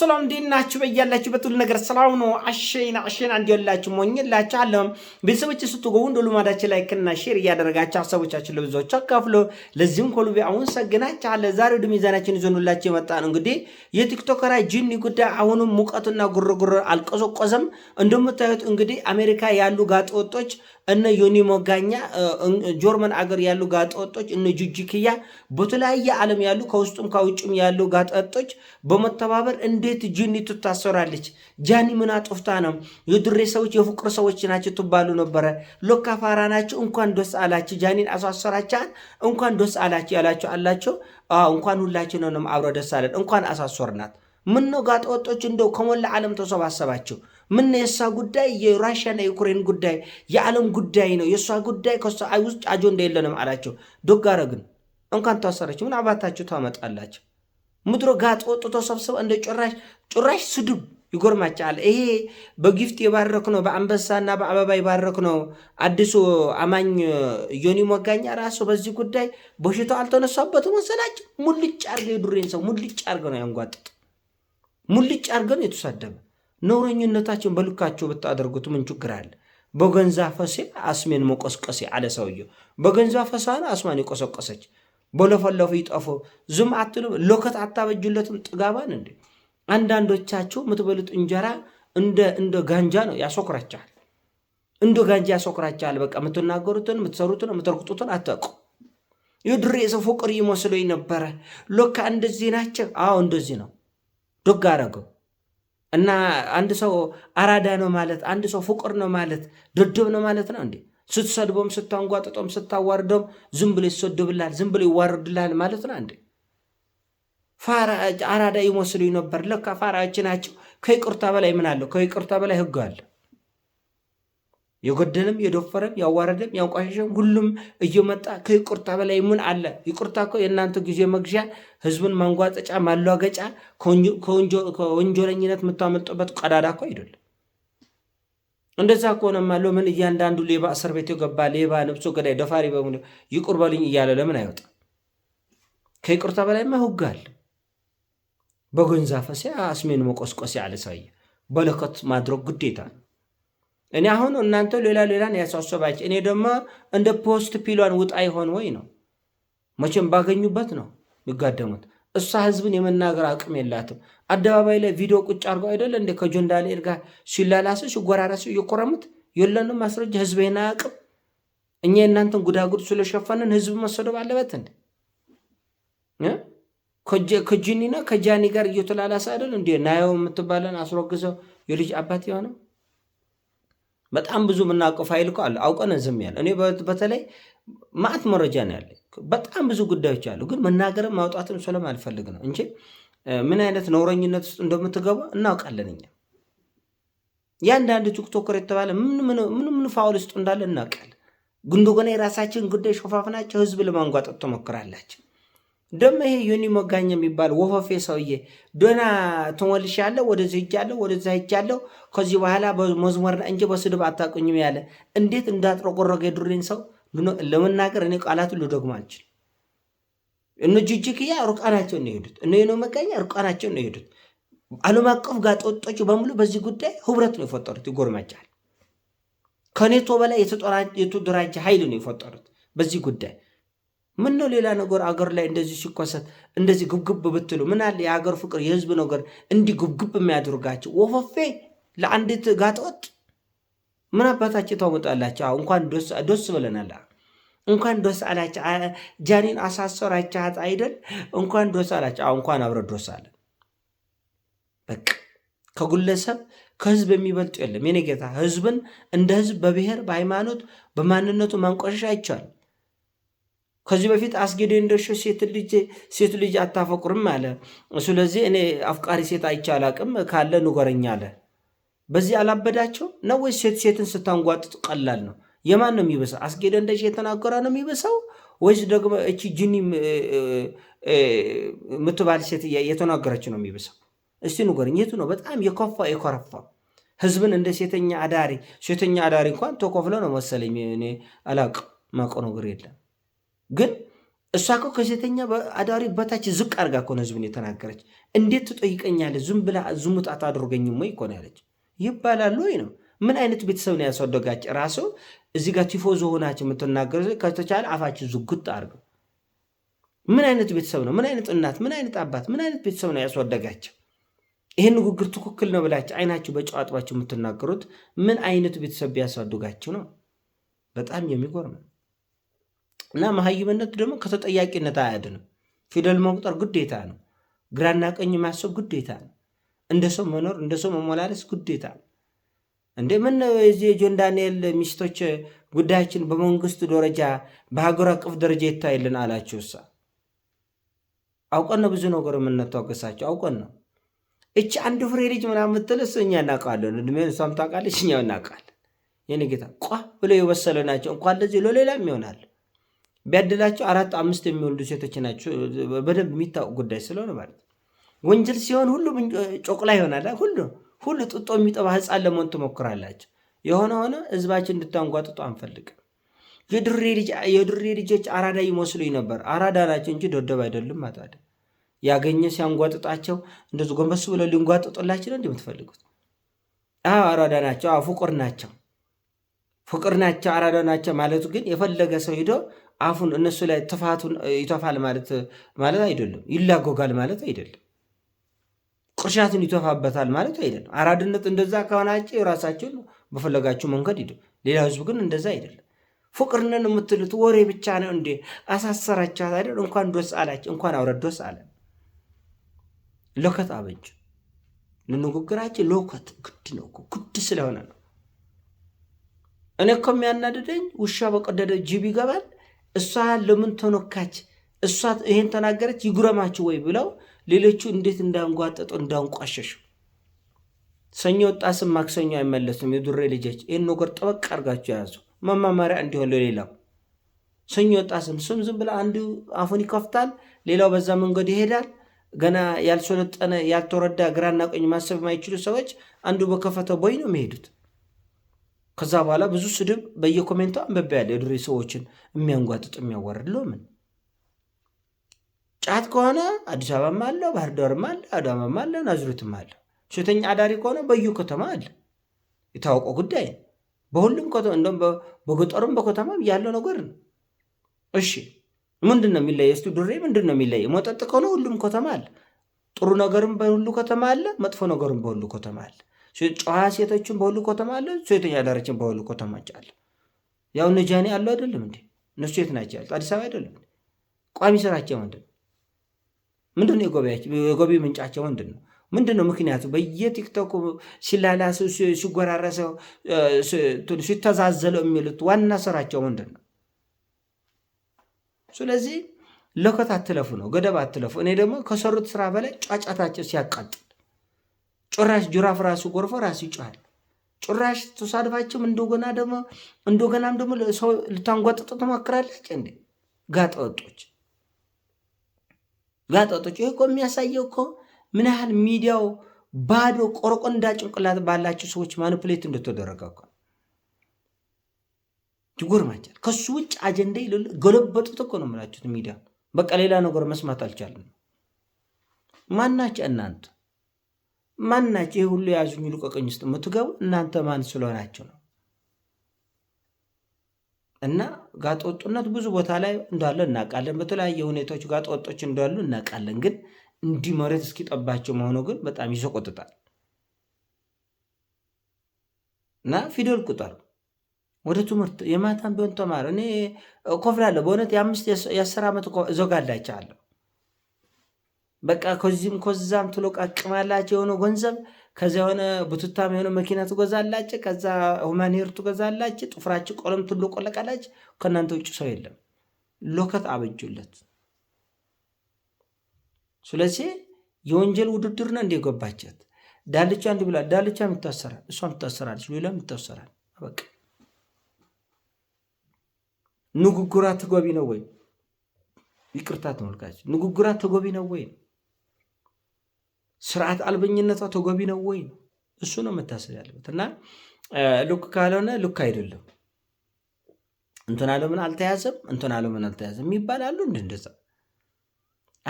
ሰላም እንዴት ናችሁ? በያላችሁበት ሁሉ ነገር ሰላም ነው። አሸና አሸና እንዲላችሁ ሞኝላችሁ አለም ቤተሰቦች ስትገቡ እንደ ልማዳችን ላይክ እና ሼር እያደረጋችሁ ሀሳቦቻችን ለብዙዎች አካፍሎ ለዚህም ኮሉቢ አሁን ሰግናችኋለሁ። ዛሬ ወደ ሚዛናችን ይዘኑላችሁ የመጣን እንግዲህ የቲክቶከራ ጂኒ ጉዳይ አሁንም ሙቀቱና ጉርጉር አልቀዘቀዘም። እንደምታዩት እንግዲህ አሜሪካ ያሉ ጋጠወጦች እነ ዮኒ ሞጋኛ ጆርመን አገር ያሉ ጋጠወጦች እነ ጁጅክያ በተለያየ ዓለም ያሉ ከውስጡም ከውጭም ያሉ ጋጠወጦች በመተባበር እንዴት ጅኒ ትታሰራለች? ጃኒ ምን አጥፍታ ነው? የድሬ ሰዎች የፍቅር ሰዎች ናቸው ትባሉ ነበረ። ሎካ ፋራ ናቸው። እንኳን ደስ አላቸው። ጃኒን አሳሰራቻን እንኳን ደስ አላቸው ያላቸው አላቸው። እንኳን ሁላችን ነው አብረ ደስ አለን። እንኳን አሳሰርናት። ምን ነው ጋጠወጦች እንደው ከሞላ ዓለም ተሰባሰባቸው። የእሷ ጉዳይ የራሽያና የዩክሬን ጉዳይ የዓለም ጉዳይ ነው። የእሷ ጉዳይ ከእሷ ውጭ አጀንዳ የለንም አላቸው። ዶጋረ ግን እንኳን ተዋሰረች ምን አባታችሁ ታመጣላችሁ? ምድሮ ጋጥ ወጡ ተሰብስበ እንደ ጭራሽ ጭራሽ ስድብ ይጎርማችኋል። ይሄ በጊፍት የባረክ ነው፣ በአንበሳና በአበባ የባረክ ነው። አዲሱ አማኝ ዮኒ ሞጋኛ ራሱ በዚህ ጉዳይ በሽታ አልተነሳበትም መሰላችሁ? ሙልጭ አርገ የዱሬን ሰው ሙልጭ አርገ ነው ያንጓጥጥ ሙልጭ አርገ ነው የተሳደበ ነውረኝነታቸውን በልካቸው ብታደርጉት ምን ችግር አለ? በገንዛ ፈሴ አስሜን መቆስቀሴ አለ ሰውየው። በገንዛ ፈሳን አስማን የቆሰቆሰች በለፈለፉ ይጠፉ ዝም አትሉ። ሎከት አታበጁለትም ጥጋባን እንደ አንዳንዶቻችሁ የምትበሉት እንጀራ እንደ ጋንጃ ነው፣ ያሶክራችኋል። እንደ ጋንጃ ያሶክራችኋል። በቃ የምትናገሩትን የምትሰሩትን የምትርቁጡትን አታውቁ። የድሬ ሰው ፍቅር ይመስለኝ ነበረ። ሎካ እንደዚህ ናቸው። አዎ እንደዚህ ነው። ዶግ አረገው እና አንድ ሰው አራዳ ነው ማለት አንድ ሰው ፍቁር ነው ማለት ደደብ ነው ማለት ነው እንዴ? ስትሰድቦም ስታንጓጥጦም ስታዋርዶም ዝም ብሎ ይሰድብላል፣ ዝም ብሎ ይዋርድላል ማለት ነው እንዴ? አራዳ ይመስሉኝ ነበር። ለካ ፋራዎች ናቸው። ከይቅርታ በላይ ምን አለው? ከይቅርታ በላይ ህግ አለው። የጎደለም የደፈረም ያዋረደም ያንቋሸሸም ሁሉም እየመጣ ከይቁርታ በላይ ምን አለ? ይቁርታ እኮ የእናንተ ጊዜ መግዣ፣ ህዝብን ማንጓጠጫ፣ ማሏገጫ፣ ከወንጀለኝነት የምታመልጡበት ቀዳዳ እኮ አይደለም። እንደዛ ከሆነማ ለምን እያንዳንዱ ሌባ እስር ቤት የገባ ሌባ፣ ነብሶ ገዳይ፣ ደፋሪ በሙሉ ይቁር በልኝ እያለ ለምን አይወጣ? ከይቁርታ በላይማ ህግ አለ። በጎንዛፈሴ አስሜን መቆስቆስ አለ ሰውዬ በለከት ማድረግ ግዴታ ነው። እኔ አሁን እናንተ ሌላ ሌላን ያሳሰባችሁ፣ እኔ ደግሞ እንደ ፖስት ፒሏን ውጣ ይሆን ወይ ነው። መቼም ባገኙበት ነው የሚጋደሙት። እሷ ህዝብን የመናገር አቅም የላትም። አደባባይ ላይ ቪዲዮ ቁጭ አድርገው አይደለ እንደ ከጆንዳሌል ጋር ሲላላሱ ሲጎራረሱ እየኮረሙት የለንም ማስረጃ፣ ህዝብ አቅም እኛ የእናንተን ጉዳጉድ ስለሸፈንን ህዝብ መሰደብ አለበት እንዴ? ከጂኒና ከጃኒ ጋር እየተላላሰ አይደል እንዲ ናየው የምትባለን አስረግዘው የልጅ አባት የሆነው በጣም ብዙ የምናውቀው ፋይል እኮ አለ። አውቀነ ዝም ያለ እኔ በተለይ ማዕት መረጃ ነው ያለ። በጣም ብዙ ጉዳዮች አሉ፣ ግን መናገርም ማውጣትም ሰለም አልፈልግ ነው እንጂ ምን አይነት ነውረኝነት ውስጥ እንደምትገባ እናውቃለን። እኛ ያንዳንድ ቲክቶከር የተባለ ምን ምን ፋውል ውስጥ እንዳለ እናውቃለን። ግን እንደገና የራሳችን ጉዳይ ሾፋፍናቸው ህዝብ ለማንጓጠጥ ትሞክራላችሁ። ደሞ ይሄ ዮኒ መጋኛ የሚባል ወፈፌ ሰውዬ ዶና ተሞልሻለሁ፣ ወደዚህ ሂጃለሁ፣ ወደዛ ሂጃለሁ፣ ከዚህ በኋላ በመዝሙር እንጂ በስድብ አታቁኝም ያለ እንዴት እንዳጥሮቆረገ የዱሬን ሰው ለመናገር እኔ ቃላት ልደግም አልችል። እነ ጅጅክያ ሩቃናቸው ነው የሄዱት፣ እነ ዮኒ መጋኛ ሩቃናቸው ነው የሄዱት። ዓለም አቀፍ ጋጦጦች በሙሉ በዚህ ጉዳይ ህብረት ነው የፈጠሩት። ይጎርመጫል። ከኔቶ በላይ የተደራጀ ኃይል ነው የፈጠሩት በዚህ ጉዳይ ምን ነው ሌላ ነገር አገር ላይ እንደዚህ ሲኮሰት እንደዚህ ግብግብ ብትሉ ምን አለ የሀገር ፍቅር የህዝብ ነገር እንዲህ ግብግብ የሚያደርጋቸው ወፈፌ ለአንዲት ጋጠወጥ ምን አባታቸው ታወጣላችሁ? እንኳን ደስ ብለናል። እንኳን ደስ አላቸው። ጃኒን አሳሰራችኋት አይደል? እንኳን ደስ አላቸው። እንኳን አብረ ደስ አለ። በቃ ከግለሰብ ከህዝብ የሚበልጡ የለም። የኔ ጌታ ህዝብን እንደ ህዝብ በብሔር በሃይማኖት በማንነቱ ማንቆሸሽ አይቻልም። ከዚህ በፊት አስጌ እንደርሾ ሴት ልጅ አታፈቁርም አለ። ስለዚህ እኔ አፍቃሪ ሴት አይቼ አላቅም ካለ ንገረኝ አለ። በዚህ አላበዳቸው ነው ወይስ ሴት ሴትን ስታንጓጥጥ ቀላል ነው? የማን ነው የሚበሳው? አስጌ ደንደሾ የተናገረ ነው የሚበሳው ወይስ ደግሞ እቺ ጅኒ ምትባል ሴት የተናገረች ነው የሚበሳው? እስቲ ንገረኝ። የቱ ነው በጣም የከፋ የኮረፋ ህዝብን እንደ ሴተኛ አዳሪ ሴተኛ አዳሪ እንኳን ተኮፍለ ነው መሰለኝ። እኔ አላቅም ማቆ ነገር የለም ግን እሷ እኮ ከሴተኛ አዳሪ በታች ዝቅ አድርጋ እኮ ነው ህዝብን የተናገረች። እንዴት ትጠይቀኛለህ? ዝም ብላ ዝሙት አታድርገኝም ወይ እኮ ነው ያለች። ይባላሉ ወይ ነው ምን አይነት ቤተሰብ ነው ያስወደጋች? ራሱ እዚህ ጋር ቲፎዞ ሆናችሁ የምትናገር ከተቻለ አፋችሁ ዝጉጥ አድርገው። ምን አይነት ቤተሰብ ነው? ምን አይነት እናት፣ ምን አይነት አባት፣ ምን አይነት ቤተሰብ ነው ያስወደጋቸው? ይህን ንግግር ትክክል ነው ብላች አይናችሁ በጨው የምትናገሩት ምን አይነት ቤተሰብ ቢያስወደጋችሁ ነው? በጣም የሚጎርም ነው። እና መሀይምነት ደግሞ ከተጠያቂነት አያድንም። ፊደል መቁጠር ግዴታ ነው። ግራና ቀኝ ማሰብ ግዴታ ነው። እንደ ሰው መኖር፣ እንደ ሰው መሞላለስ ግዴታ ነው። እንደ ምን የዚህ ጆን ዳንኤል ሚስቶች ጉዳያችን በመንግስት ደረጃ በሀገር አቀፍ ደረጃ ይታይልን አላቸው። እሳ አውቀን ነው ብዙ ነገር የምንታወቀሳቸው አውቀን ነው። እቺ አንድ ፍሬ ልጅ ምናምን ምትል እሱ እኛ እናውቃለን። እድሜን እሷም ታውቃለች፣ እኛው እናውቃለን። የኔ ጌታ ቋ ብሎ የበሰለ ናቸው። እንኳን ለዚህ ለሌላም ይሆናል። ቢያድላቸው አራት አምስት የሚወልዱ ሴቶች ናቸው። በደንብ የሚታወቅ ጉዳይ ስለሆነ ማለት ወንጀል ሲሆን ሁሉም ጮቅላ ይሆናል። ሁሉ ሁሉ ጥጦ የሚጠባ ህፃን ለመሆን ትሞክራላቸው። የሆነ ሆነ ህዝባችን እንድታንጓጥጡ አንፈልግም። የዱሬ ልጆች አራዳ ይመስሉኝ ነበር። አራዳ ናቸው እንጂ ደደብ አይደሉም። ማታደ ያገኘ ሲያንጓጥጣቸው እንደዚ ጎንበስ ብለው ሊንጓጥጡላቸው ነው እንደምትፈልጉት። አራዳ ናቸው፣ ፍቁር ናቸው፣ ፍቅር ናቸው፣ አራዳ ናቸው ማለቱ ግን የፈለገ ሰው ሂዶ አፉን እነሱ ላይ ትፋቱን ይተፋል ማለት ማለት አይደለም። ይላጎጋል ማለት አይደለም። ቅርሻትን ይተፋበታል ማለት አይደለም። አራድነት እንደዛ ከሆናቸው የራሳቸውን በፈለጋቸው መንገድ ሂዱ። ሌላ ህዝብ ግን እንደዛ አይደለም። ፍቅርንን የምትሉት ወሬ ብቻ ነው እንዴ? አሳሰራችኋት አይደል? እንኳን ዶስ አላቸው፣ እንኳን አውረድ ዶስ አለ። ሎከት አበጅ ለንግግራችን ሎከት ግድ ነው። ግድ ስለሆነ ነው። እኔ እኮ የሚያናድደኝ ውሻ በቀደደ ጅብ ይገባል እሷ ለምን ተኖካች፣ እሷ ይሄን ተናገረች ይጉረማችሁ ወይ ብለው ሌሎቹ እንዴት እንዳንጓጠጡ እንዳንቋሸሹ። ሰኞ ወጣ ስም ማክሰኞ አይመለስም። የዱሬ ልጆች ይህን ነገር ጠበቅ አድርጋችሁ የያዙ መማማሪያ እንዲሆን ለሌላው። ሰኞ ወጣ ስም ስም ዝም ብላ አንዱ አፉን ይከፍታል፣ ሌላው በዛ መንገድ ይሄዳል። ገና ያልሰለጠነ ያልተረዳ ግራና ቀኝ ማሰብ የማይችሉ ሰዎች አንዱ በከፈተው ቦይ ነው የሚሄዱት። ከዛ በኋላ ብዙ ስድብ በየኮሜንቱ አንበባ ያለ የዱሬ ሰዎችን የሚያንጓጥጥ የሚያዋርድ ለምን ጫት ከሆነ አዲስ አበባም አለ፣ ባህር ዳርም አለ፣ አዳማም አለ፣ ናዝሬትም አለ። ሴተኛ አዳሪ ከሆነ በዩ ከተማ አለ። የታወቀው ጉዳይ በሁሉም እንደውም በገጠሩም በከተማም ያለው ነገር ነው። እሺ ምንድን ነው የሚለየ? እስኪ ድሬ ምንድን ነው የሚለየ? መጠጥ ከሆነ ሁሉም ከተማ አለ። ጥሩ ነገርም በሁሉ ከተማ አለ፣ መጥፎ ነገርም በሁሉ ከተማ አለ። ጨዋ ሴቶችን በሁሉ ከተማ አለ፣ ሴተኛ አዳሪችን በሁሉ ከተማች አለ። ያው እነ ጃኒ አሉ አይደለም እንዴ? እነሱ የት ናቸው ያሉት? አዲስ አበባ አይደለም ቋሚ ስራቸው ምንድን ምንድን ነው የገቢ ምንጫቸው ምንድን ነው? ምንድን ነው ምክንያቱ? በየቲክቶክ ሲላላሱ ሲጎራረሰው ሲተዛዘለው የሚሉት ዋና ስራቸው ምንድን ነው? ስለዚህ ለከት አትለፉ ነው፣ ገደብ አትለፉ። እኔ ደግሞ ከሰሩት ስራ በላይ ጫጫታቸው ሲያቃጥ ጭራሽ ጅራፍ ራሱ ጎርፎ ራሱ ይጮሃል። ጭራሽ ተሳድፋችም እንደገና ደግሞ እንደገናም ደግሞ ሰው ልታንጓጥጡ ትሞክራለች እንዴ! ጋጠወጦች ወጦች። ይህ እኮ የሚያሳየው እኮ ምን ያህል ሚዲያው ባዶ ቆርቆንዳ ጭንቅላት ባላቸው ሰዎች ማኒፕሌት እንደተደረገ እኮ ይጎርማቻል። ከሱ ውጭ አጀንዳ ይለ ገለበጡት እኮ ነው የምላችሁት ሚዲያ። በቃ ሌላ ነገር መስማት አልቻለም። ማናቸው እናንተ ማን ናቸው? ይህ ሁሉ የያዙኝ ልቀቁኝ ውስጥ የምትገቡ እናንተ ማን ስለሆናቸው ነው? እና ጋጠወጡነት ብዙ ቦታ ላይ እንዳለ እናውቃለን። በተለያየ ሁኔታዎች ጋጠወጦች እንዳሉ እናውቃለን። ግን እንዲህ መሬት እስኪጠባቸው መሆኑ ግን በጣም ይሰቆጥጣል። እና ፊደል ቁጠር ወደ ትምህርት የማታም ቢሆን ተማር። እኔ እኮፍላለሁ በእውነት የአምስት የአስር ዓመት እዘጋላችኋለሁ። በቃ ከዚህም ከዛም ትሎቃቅማላችሁ። የሆነ ገንዘብ ከዚ የሆነ ብቱታም የሆነ መኪና ትገዛላችሁ። ከዛ ሁማኒር ትገዛላችሁ። ጥፍራች ቆለም ትሎቆለቃላችሁ። ከእናንተ ውጭ ሰው የለም። ሎከት አበጁለት። ስለዚህ የወንጀል ውድድር ነው እንደ የገባቸት ዳልቻ እንዲ ብሏል። ዳልቻ ይታሰራል፣ እሷም ትታሰራለች፣ ሌላም ይታሰራል። በቃ ንጉጉራ ተገቢ ነው ወይ? ይቅርታ ተመልካች ንጉጉራ ተገቢ ነው ወይ? ስርዓት አልበኝነቷ ተገቢ ነው ወይ ነው እሱ ነው መታሰብ ያለበት። እና ልክ ካልሆነ ልክ አይደለም። እንትን አለምን አልተያዘም፣ እንትን አለምን አልተያዘም ይባላሉ። እንደ እንደዛ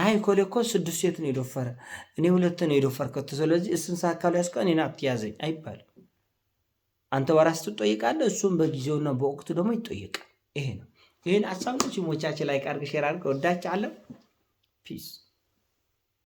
አይ ኮሌ እኮ ስድስት ሴት ነው የደፈረ እኔ ሁለት ነው ከቱ። ስለዚህ እስን ሳካሉ ያስቀ እኔን አትያዘኝ አይባልም። አንተ በራስ ትጠይቃለህ፣ እሱም በጊዜውና በወቅቱ ደግሞ ይጠይቃል። ይሄ ነው ይህን አሳብ ሲሞቻችን ላይ ቀርግ ሼር አድርገ ወዳች አለ ፒስ